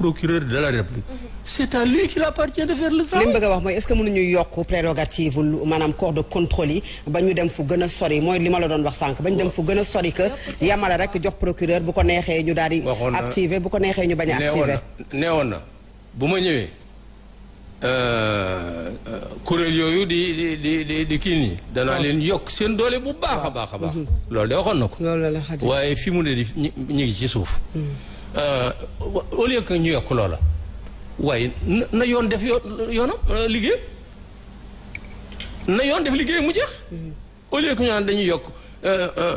procureur de la République. Mhm. de faire le bëgg a wax mooy est-ce que mënuñu yokk prérogative maanaam corps de contrôle ba ñu dem fu gën a sori mooy li ma la doon wax sànq. ba ñu dem fu gën a sori que yamala rek jox procureur bu ko neexee ñu daal di. activer bu ko neexee ñu bañ a. activer neewoon na bu ma ñëwee euh, euh, kuréel yooyu di di di di kii nii. danaa oh. leen yokk seen doole bu baax a baax a baax. Mhm. loolu de waxoon na ko. loolu la la waaye fi mu ne di ñu ngi ci suuf. Mm. Euh, au lieu que ñu yokk loola waaye na yoon def yoo yoonam euh, liggéey na yoon def liggéey mu jeex mm-hmm. au lieu que ñu naan dañuy yokk euh,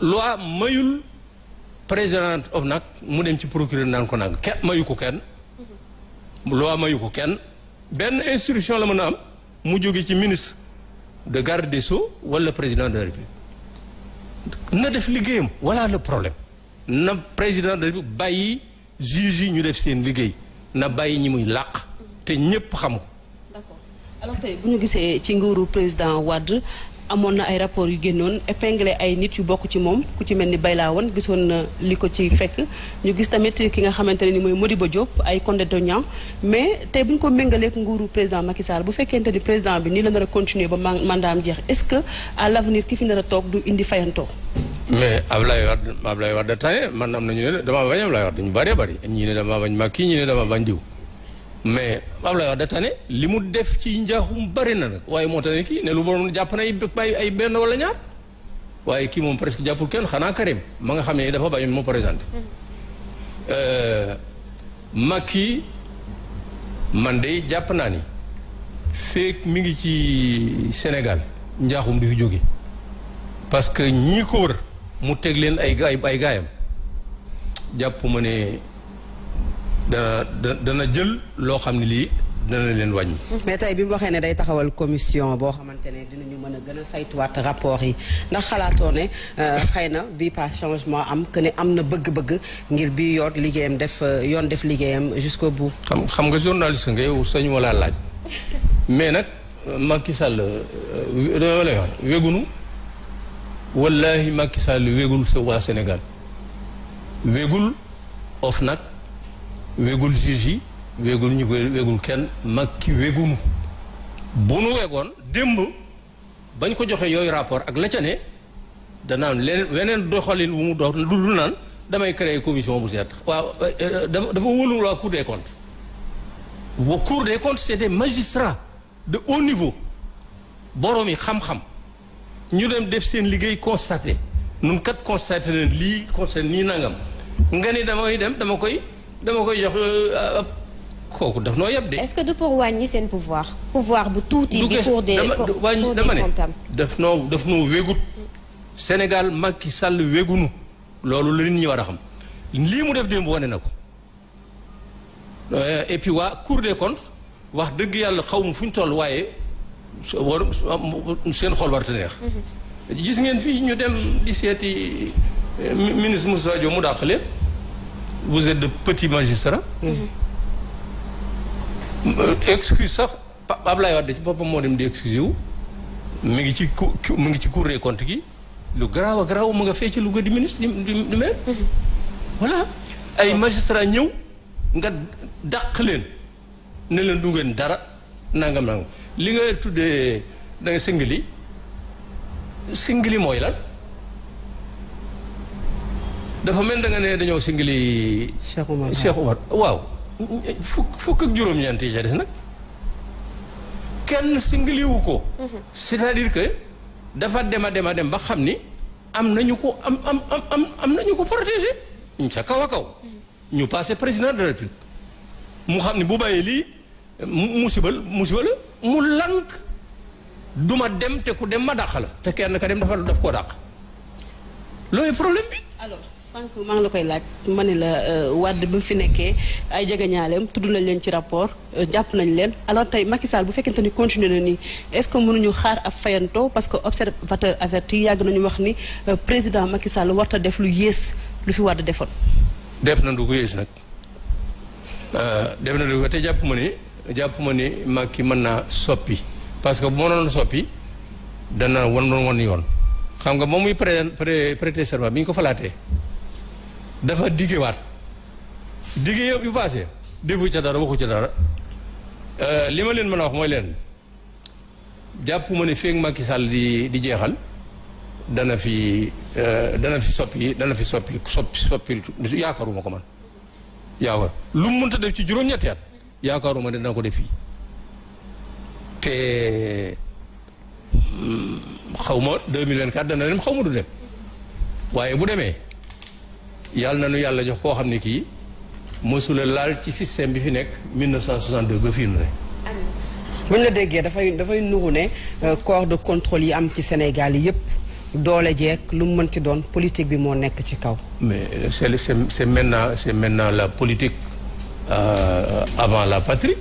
loi mayul président of nag mu dem ci procureur naan ko nag kenn mayu ko kenn mm-hmm. loi mayu ko kenn benn instruction la mën a am mu jóge ci ministre de garde des so wala président de la na def liggéeyam voilà le problème na président de République bàyyi juge yi ñu def seen liggéey na bàyyi ñi muy làq te ñépp xamu ko. d'accord alors bu ñu gisee ci nguuru président Wade amoon na ay rapport yu génnoon épinglé ay nit yu bokk ci moom ku ci mel ni bay laa Baylawan gisoon na li ko ci fekk ñu gis tamit ki nga xamante ne ni mooy Modibo Diop ay Condé Niang mais te bu ko méngaleek nguuru président Macky Sall bu fekkente ni président bi ni la nar a continuer ba mandaam jeex est-ce que à l'avenir ki fi nar a toog du indi fayantoo. mais Ablaye Wade Ablaye Wade tane man am nañu ñu ne damaa bañ Ablaye Wade ñu bëree bëri ñii ne damaa bañ Macky ñii ne damaa bañ diw mais Ablaye Wade tane li mu def ci njaaxum bari na waaye moo tane kii ne lu borom jàpp na ay ay benn wala ñaar waaye kii moom presque jàppul kenn xanaa Karim ma nga xam ne dafa bañ mu présenté. Euh, Macky man de jàpp naa ni feek mi ngi ci Sénégal njaaxum di fi jóge parce que ñii ko wër. mu teg leen ay gaay ay gaayam jàpp ma ne dana dana jël loo xam ne lii dana leen wàññi. mais tey bi mu waxee ne day taxawal commission boo xamante ne dinañu mën a gën a saytuwaat rapport yi ndax xalaatoo ne euh, xëy na bii pas changement am que ne am na bëgg-bëgg ngir bii yoon liggéeyam def euh, yoon def liggéeyam jusqu'au bout. xam xam nga journaliste nga yow sañu ma laa laaj mais nag Macky Sall euh, wégunu wallahi Macky Sall wégul sa waa Sénégal wégul OFNAC nag juge yi wégul ñu koy wégul kenn Macky wégunu bu nu wegoon démb bañ ko joxe yooyu rapport ak la ca ne danaan leneen weneen doxalin wu mu dox lu dul naan damay créer commission bu seet waaw dafa wóolu waa Cour des comptes wa Cour des comptes c'est des magistrats de haut niveau boroom yi xam-xam ñu dem def seen liggéey constaté nun kat constaté na lii constaté nii nangam nga ni damay dem dama koy dama koy jox euh, kooku daf noo yeb de. est-ce que du pour wàññi seen pouvoir. pouvoir bu tuuti bi pour des wàññi dama ne daf noo daf noo wégut Sénégal Macky Sall wégunu loolu la nit ñi war a xam lii mu def démb wone na ko euh, et puis waa Cour des comptes wax dëgg yàlla xaw ma fu ñu toll waaye. war seen xol warta neex gis ngeen fii ñu dem di seeti eh, ministre Moussa Diop mu dàq leen vous êtes de petits magistrats euh, excuse sax Ablaye Wade ci boppam moo dem di excuse wu mi ngi ci mu ngi ci Cour des gi lu garaaw a garaaw mu nga fee ci Louga di ministre di di maire voilà ay magistra ñëw nga dàq leen ne leen du ngeen dara nangam nangam li nga tuddee da nga singli singli mooy lan dafa mel da nga ne dañoo singli. Cheikh Oumar waaw. fukk fukk ak juróom-ñeent ca des nag kenn singliwu ko. Mhm. c'est-à-dire que dafa dem a dem a dem ba xam ni am nañu ko am am am am nañu ko protégé. ñu ca kaw a kaw. Mhm. ñu passé président de la mu xam ni bu bàyyi lii. musiba musiba la mu lank du ma dem te ku dem ma dàq la te kenn ka dem dafa daf koo dàq loolu problème bi. alors sànq maa ngi la koy laaj ma ne la euh, Wade bi mu fi nekkee ay jegeñaaleem tudd nañ leen ci rapport euh, jàpp nañ leen alors tey Macky Sall bu fekkente ni continuer na nii est-ce que mënuñu xaar ab fayanto parce que observateur averti yàgg nañu wax ni euh, président Macky Sall warta def lu yées lu fi Wade defoon. def na lu yées nag def na lu ko te jàpp ma jàpp ma ni Macky mën naa soppi parce que moo ma doon soppi dana wan wan yoon xam nga moom muy pré prêter serment bi ñu ko falaatee dafa diggewaat digge yëpp yu passé defu ca dara waxu ca dara euh, li ma leen mën a wax mooy leen jàpp ma ni feeg Macky Sall di di jeexal dana fi euh, dana fi soppi dana fi soppi soppi soppi yaakaaruma ko man yaakaar lu mu mënta def ci juróom-ñetti at yaakaaruma ne dina ko def fii te mm, xaw ma 2024 dana dem xaw ma du dem waaye bu demee yàlla na nu yàlla jox koo xam ne kii mësula laal ci système bi fi nekk 1962 ba fii nu ne. bu ñu la déggee dafay dafay nuru ne euh, corps de contrôle yi am ci Sénégal yépp doole jeeg lu mu mënti doon politique bi moo nekk ci kaw. mais c'est c'est maintenant c'est maintenant la politique. Euh, avant la patrie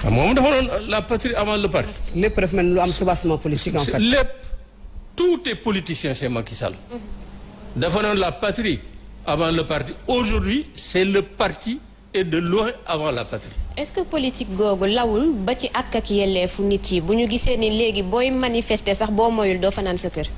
xam nga moom dafa noonu la patrie avant le parti. lépp dafa mel lu am soubassement politique en fait. lépp tout est politicien chez Macky Sall. dafa noonu la patrie avant le parti aujourd'hui c'est le parti et de loin avant la patrie. est-ce que politique googu lawul ba ci ak ak yelleefu nit yi bu ñu gisee ni léegi booy manifeste sax boo moyul doo fanaan sa kër.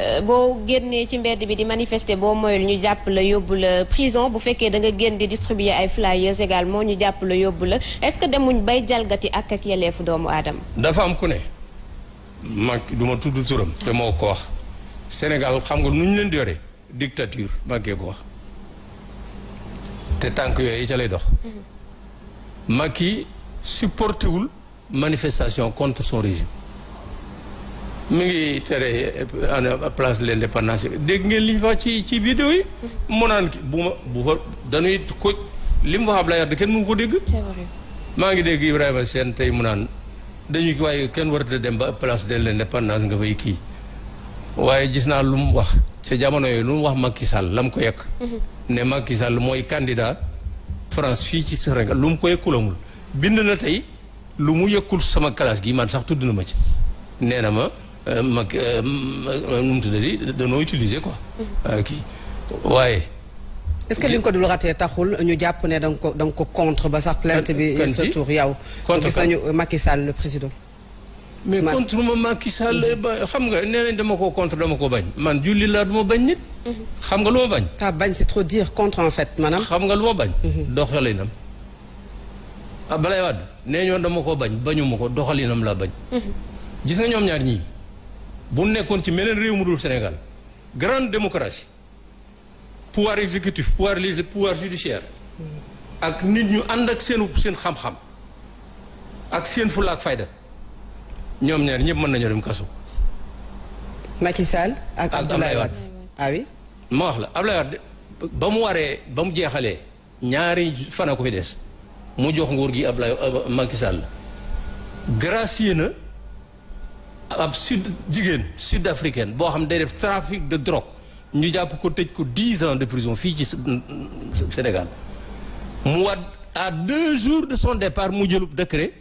Euh, boo génnee ci mbedd bi di manifester boo moyul ñu jàpp la yóbbu la prison bu fekkee da nga génn di distribuer ay flyers moo ñu jàpp la yóbbu la est-ce que demuñ bay jalgati ak ak yeleefu doomu aadama. dafa am ku ne mag du ma tudd turam te moo ko wax Sénégal xam nga nu ñu leen di yore dictature Macky ko wax te tànk yooyu ca lay dox. Mhm. Macky supporté wul manifestation contre son régime. mi ngi tere place de l'indépendance dégg ngeen li ñu ci ci vidéo yi. mu naan ki bu ma bu fa dañuy ko li mu wax Abdoulaye Wade kenn mënu ko dégg. maa ngi dégg Ibrahima seen tey munaan naan dañuy waaye kenn warut dem ba place de l'indépendance nga fay kii waaye gis naa lu mu wax sa jamono yooyu lu mu wax Macky Sall la mu ko yekk. Mm-hmm. ne Macky mooy candidat France fii ci Sénégal lu mu ko yekkulamul bind na tey lu mu yekkul sama classe gi man sax tudd na ma ci nee na ma. Euh, mag euh, euh, nu mu tuddati danoo utiliser quoi. Mhm. kii waaye. est-ce que li nga ko dul ratee taxul ñu jàpp ne da nga ko da nga ko contre ba sax plainte bi. sa tour yow. contre gis nañu Macky Sall le président. mais contre ma Macky Sall mhm. ba xam nga nee nañ dama ko contre dama ko bañ. man julli laa du ma bañ nit. Mhm. xam nga lu ma bañ. ah bañ c'est trop dire contre en fait maanaam. xam nga lu ma bañ. doxalinam. ah balay waat nee ñoon dama ko bañ bañu ma ko doxalinam laa bañ. gis nga ñoom ñaar ñii. bu nekkoon ci meneen réew mu dul Sénégal grande démocratie pouvoir exécutif pouvoir judiciaire ak nit ñu ànd ak seen seen xam-xam ak seen fulla fayda ñoom ñaar ñëpp mën nañoo dem kaso. Macky ak Abdoulaye Wade ah ma wax la Abdoulaye Wade ba mu waree ba mu jeexalee ñaari fana ko fi des mu jox nguur gi Abdoulaye Macky Sall gracier na. ab sud jigéen sud africaine boo xam day def trafic de drogue ñu jàpp ko tëj ko dix ans de prison fii ci Sénégal mu waat à deux jours de son départ mu jëlub décret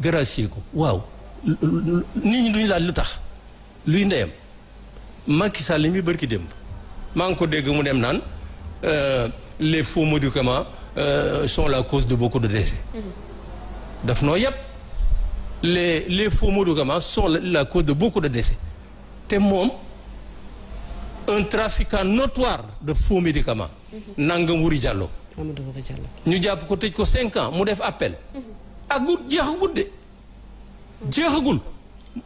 gracier ko waaw nit ñi duñu laaj lu tax luy ndeyam Macky Sall li muy bërki démb maa ngi ko dégg mu dem naan euh, les faux médicaments euh, sont la cause de beaucoup de décès mm-hmm. daf noo yëpp les les faux médicaments la cause de beaucoup te moom un trafiquant notoire de faux médicaments. Mhm. nanga Wuri Wuri Diallo. ñu jàpp ko tëj ko cinq ans mu def appel. Mhm. agul jeexagul de jeexagul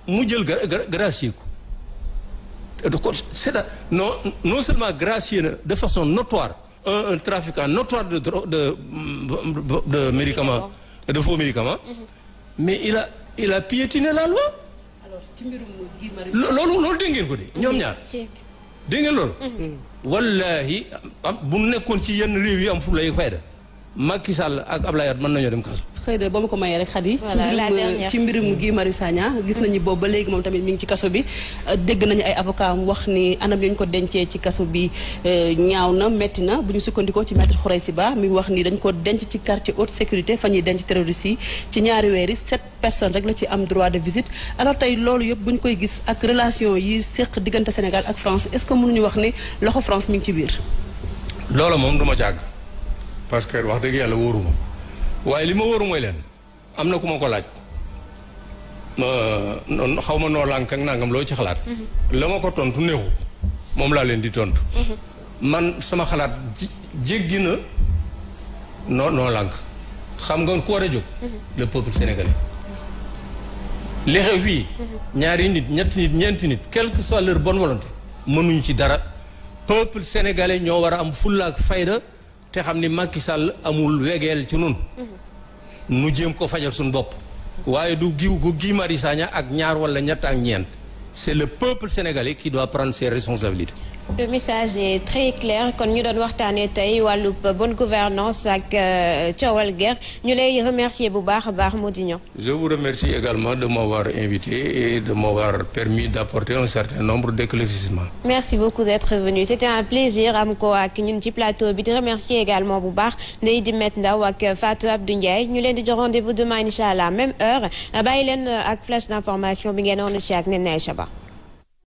mu jël gracier ko de ko c'est non non seulement gracier na de façon notoire un un notoire de de de médicaments de faux médicaments mhm. mais il a il a piétiné la loi. alors ci mbirum loolu loolu dégg ko de ñoom ñaar. dégg ngeen loolu. Mhm. Mm. wallaahi am bu nekkoon ci yenn réew yi am fulla yi fayda Macky Sall ak Abdoulaye Wade mën nañoo dem kaso. xëy na boo ma ko mayee rek xat yi ci mbirum Guy Marius Sagna gis nañu boobu ba léegi moom tamit mi ngi ci kaso bi dégg nañu ay avocat wax ni anam ñu ko ci kaso bi euh, ñaaw na metti na bu ñu sukkandikoo ci maître Khouraïssi Ba mi wax ni dañ ko denc ci quartier haute sécurité fa denc terroriste yi ci ñaari weer yi personnes rek la ci am droit de visite alors tey loolu yëpp bu ñu koy gis ak relation yi séq diggante Sénégal ak France est-ce que mënuñu wax ni loxo France mu ngi ci biir loolu moom du ma jàgg parce que wax dëgg yàlla wóoruma waaye li ma wóor mooy leen am na ku ma ko laaj xaw ma noo lànk ak nangam loo ci xalaat. Mhm. la ma ko tontu neexu moom laa leen di tontu. Mhm. man sama xalaat jéggi na noo noo xam nga ku war a jóg. Mhm. le peuple sénégalais. li fii. ñaari nit ñetti nit ñeenti nit quelle que soit leur bonne volonté mënuñ ci dara peuple sénégalais ñoo war a am fulla fayda. te xam ni Macky Sall amul wegeel ci nun nu jëm ko fajal suñu bopp waaye du giw gu gii Marius ak ñaar wala ñett ak ñeent c'est le peuple sénégalais qui doit prendre ses responsabilités le message est très clair kon ñu doon waxtaanee tey wàllub bonne gouvernance ak euh, coowal guerre ñu lay remercier bu baax a baax Modignon. je vous remercie également de m'avoir invité et de m'avoir permis d'apporter un certain nombre d'éclaircissements. merci beaucoup d'être venu c'était un plaisir am ko ak ñun ci plateau bi di remercier également bu baax Ndeye Dimet Ndaw ak Fatou Abdou Ndiaye ñu leen di jox rendez-vous demain incha allah même heure bàyyi leen ak flash d'information bi ngeen doon ci ak Nene Aïcha Ba.